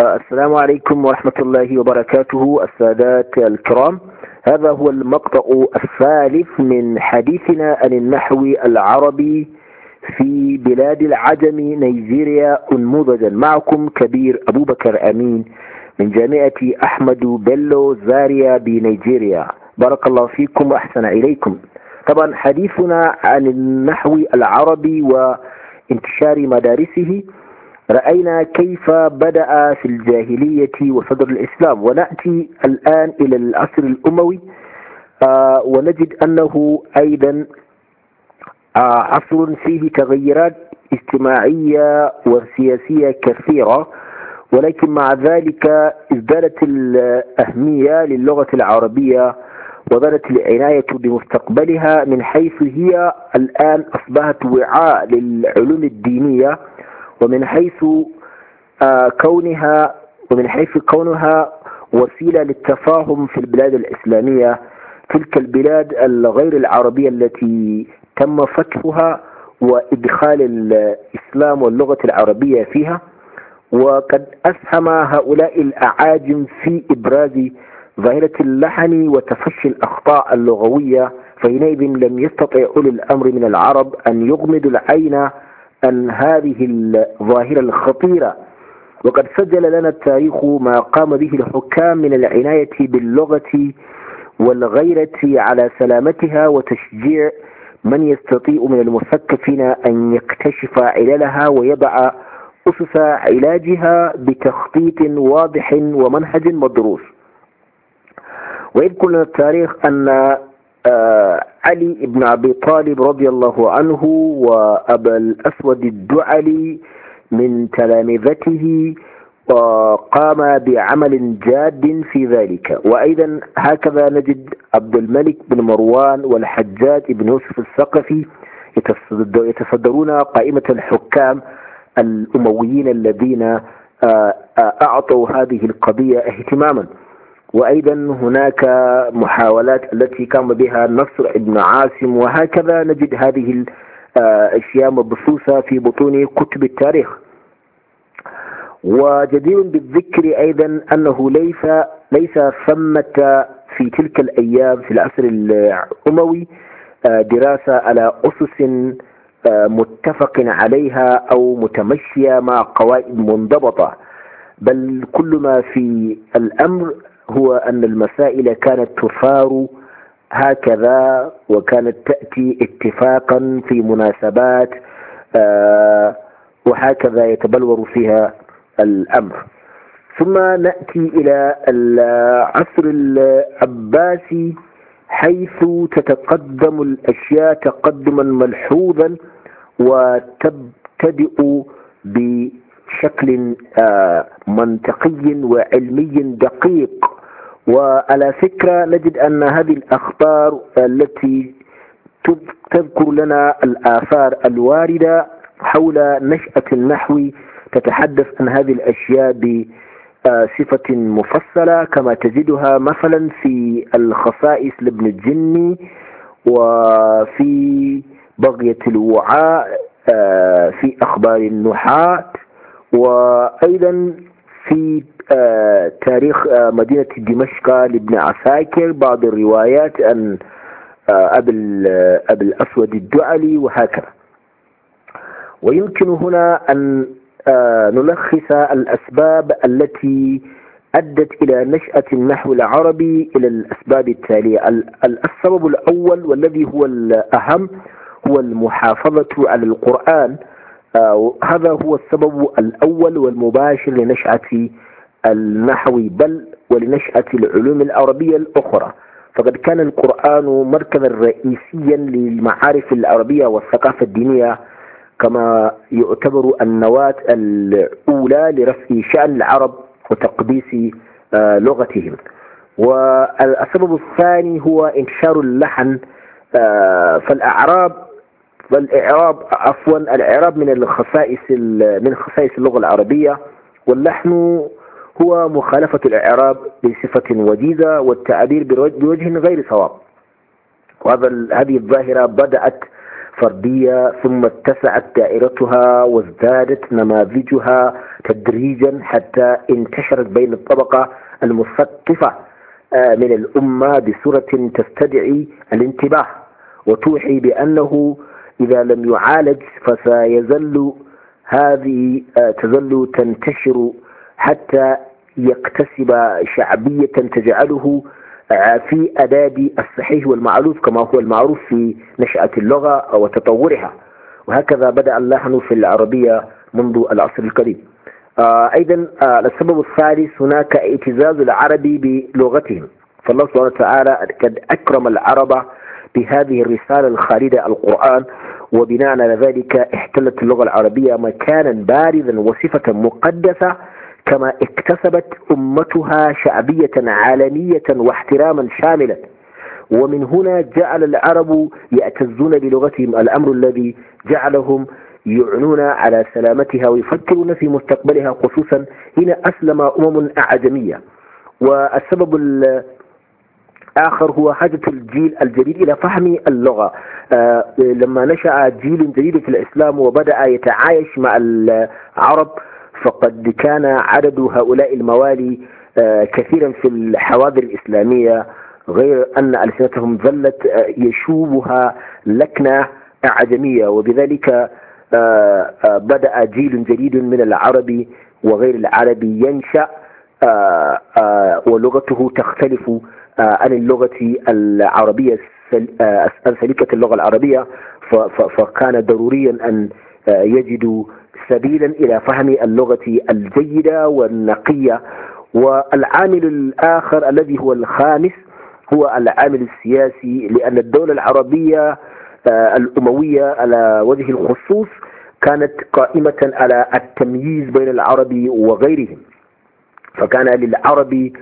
السلام عليكم ورحمة الله وبركاته السادات الكرام هذا هو المقطع الثالث من حديثنا عن النحو العربي في بلاد العجم نيجيريا انموذجا معكم كبير أبو بكر أمين من جامعة أحمد بيلو زاريا بنيجيريا بارك الله فيكم وأحسن إليكم طبعا حديثنا عن النحو العربي وانتشار مدارسه رأينا كيف بدأ في الجاهلية وصدر الإسلام ونأتي الآن إلى العصر الأموي آه، ونجد أنه أيضا آه، عصر فيه تغيرات اجتماعية وسياسية كثيرة ولكن مع ذلك ازدادت الأهمية للغة العربية وظلت العناية بمستقبلها من حيث هي الآن أصبحت وعاء للعلوم الدينية ومن حيث آه، كونها ومن حيث كونها وسيلة للتفاهم في البلاد الإسلامية تلك البلاد الغير العربية التي تم فتحها وإدخال الإسلام واللغة العربية فيها وقد أسهم هؤلاء الأعاجم في إبراز ظاهرة اللحن وتفشي الأخطاء اللغوية فحينئذ لم يستطع أولي الأمر من العرب أن يغمدوا العين عن هذه الظاهرة الخطيرة وقد سجل لنا التاريخ ما قام به الحكام من العناية باللغة والغيرة على سلامتها وتشجيع من يستطيع من المثقفين أن يكتشف عللها ويضع أسس علاجها بتخطيط واضح ومنهج مدروس وإذ لنا التاريخ أن آه، علي بن أبي طالب رضي الله عنه وأبا الأسود الدعلي من تلامذته وقام بعمل جاد في ذلك وأيضا هكذا نجد عبد الملك بن مروان والحجاج بن يوسف الثقفي يتصدرون قائمة الحكام الأمويين الذين آه، آه، أعطوا هذه القضية اهتماما وأيضا هناك محاولات التي قام بها نصر ابن عاصم وهكذا نجد هذه الأشياء آه، مبثوثة في بطون كتب التاريخ وجدير بالذكر أيضا أنه ليس ليس ثمة في تلك الأيام في العصر الأموي آه، دراسة على أسس آه، متفق عليها أو متمشية مع قواعد منضبطة بل كل ما في الأمر هو أن المسائل كانت تثار هكذا وكانت تأتي اتفاقا في مناسبات آه، وهكذا يتبلور فيها الأمر ثم نأتي إلى العصر العباسي حيث تتقدم الأشياء تقدما ملحوظا وتبتدئ بشكل آه، منطقي وعلمي دقيق وعلى فكرة نجد أن هذه الأخبار التي تذكر لنا الآثار الواردة حول نشأة النحو تتحدث عن هذه الأشياء بصفة مفصلة كما تجدها مثلا في الخصائص لابن الجني وفي بغية الوعاء آه، في أخبار النحاة وأيضا في تاريخ آه، مدينة دمشق لابن عساكر بعض الروايات أن آه، آه، أبي الأسود الدعلي وهكذا ويمكن هنا أن نلخص الأسباب التي أدت إلى نشأة النحو العربي إلى الأسباب التالية السبب الأول والذي هو الأهم هو المحافظة على القرآن هذا هو السبب الأول والمباشر لنشأة النحوي بل ولنشأة العلوم العربية الأخرى فقد كان القرآن مركزا رئيسيا للمعارف العربية والثقافة الدينية كما يعتبر النواة الأولى لرفع شأن العرب وتقديس آه، لغتهم والسبب الثاني هو انتشار اللحن آه، فالأعراب فالإعراب عفوا الإعراب من الخصائص من خصائص اللغة العربية واللحن هو مخالفة الإعراب بصفة وجيزة والتعبير بوجه غير صواب وهذا هذه الظاهرة بدأت فردية ثم اتسعت دائرتها وازدادت نماذجها تدريجا حتى انتشرت بين الطبقة المثقفة آه، من الأمة بصورة تستدعي الانتباه وتوحي بأنه إذا لم يعالج فسيزل هذه آه، تزل تنتشر حتى يكتسب شعبية تجعله في أداب الصحيح والمعروف كما هو المعروف في نشأة اللغة وتطورها وهكذا بدأ اللحن في العربية منذ العصر القديم آه، أيضا آه، السبب الثالث هناك اعتزاز العربي بلغتهم فالله سبحانه وتعالى قد أكرم العرب بهذه الرسالة الخالدة القرآن وبناء على ذلك احتلت اللغة العربية مكانا بارزا وصفة مقدسة كما اكتسبت أمتها شعبية عالمية واحتراما شاملا ومن هنا جعل العرب يعتزون بلغتهم الأمر الذي جعلهم يعنون على سلامتها ويفكرون في مستقبلها خصوصا هنا أسلم أمم أعجمية والسبب آخر هو حاجة الجيل الجديد إلى فهم اللغة آه لما نشأ جيل جديد في الإسلام وبدأ يتعايش مع العرب فقد كان عدد هؤلاء الموالي آه، كثيرا في الحواضر الإسلامية غير أن ألسنتهم ظلت آه، يشوبها لكنة أعجمية وبذلك آه، بدأ جيل جديد من العربي وغير العربي ينشأ ولغته تختلف عن اللغة العربية سلكة اللغة العربية فكان ضروريا أن يجدوا سبيلا إلى فهم اللغة الجيدة والنقية والعامل الآخر الذي هو الخامس هو العامل السياسي لأن الدولة العربية آه، الأموية على وجه الخصوص كانت قائمة على التمييز بين العرب وغيرهم فكان للعرب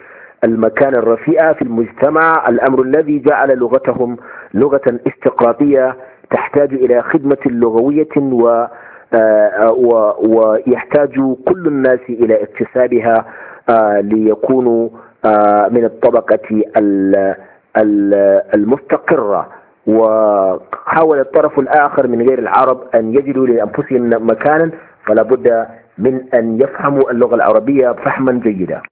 المكان الرفيع في المجتمع الأمر الذي جعل لغتهم لغة استقراطية تحتاج إلى خدمة لغوية و آه، ويحتاج كل الناس إلى اكتسابها آه، ليكونوا آه، من الطبقة المستقرة وحاول الطرف الآخر من غير العرب أن يجدوا لأنفسهم مكانا فلا بد من أن يفهموا اللغة العربية فهما جيدا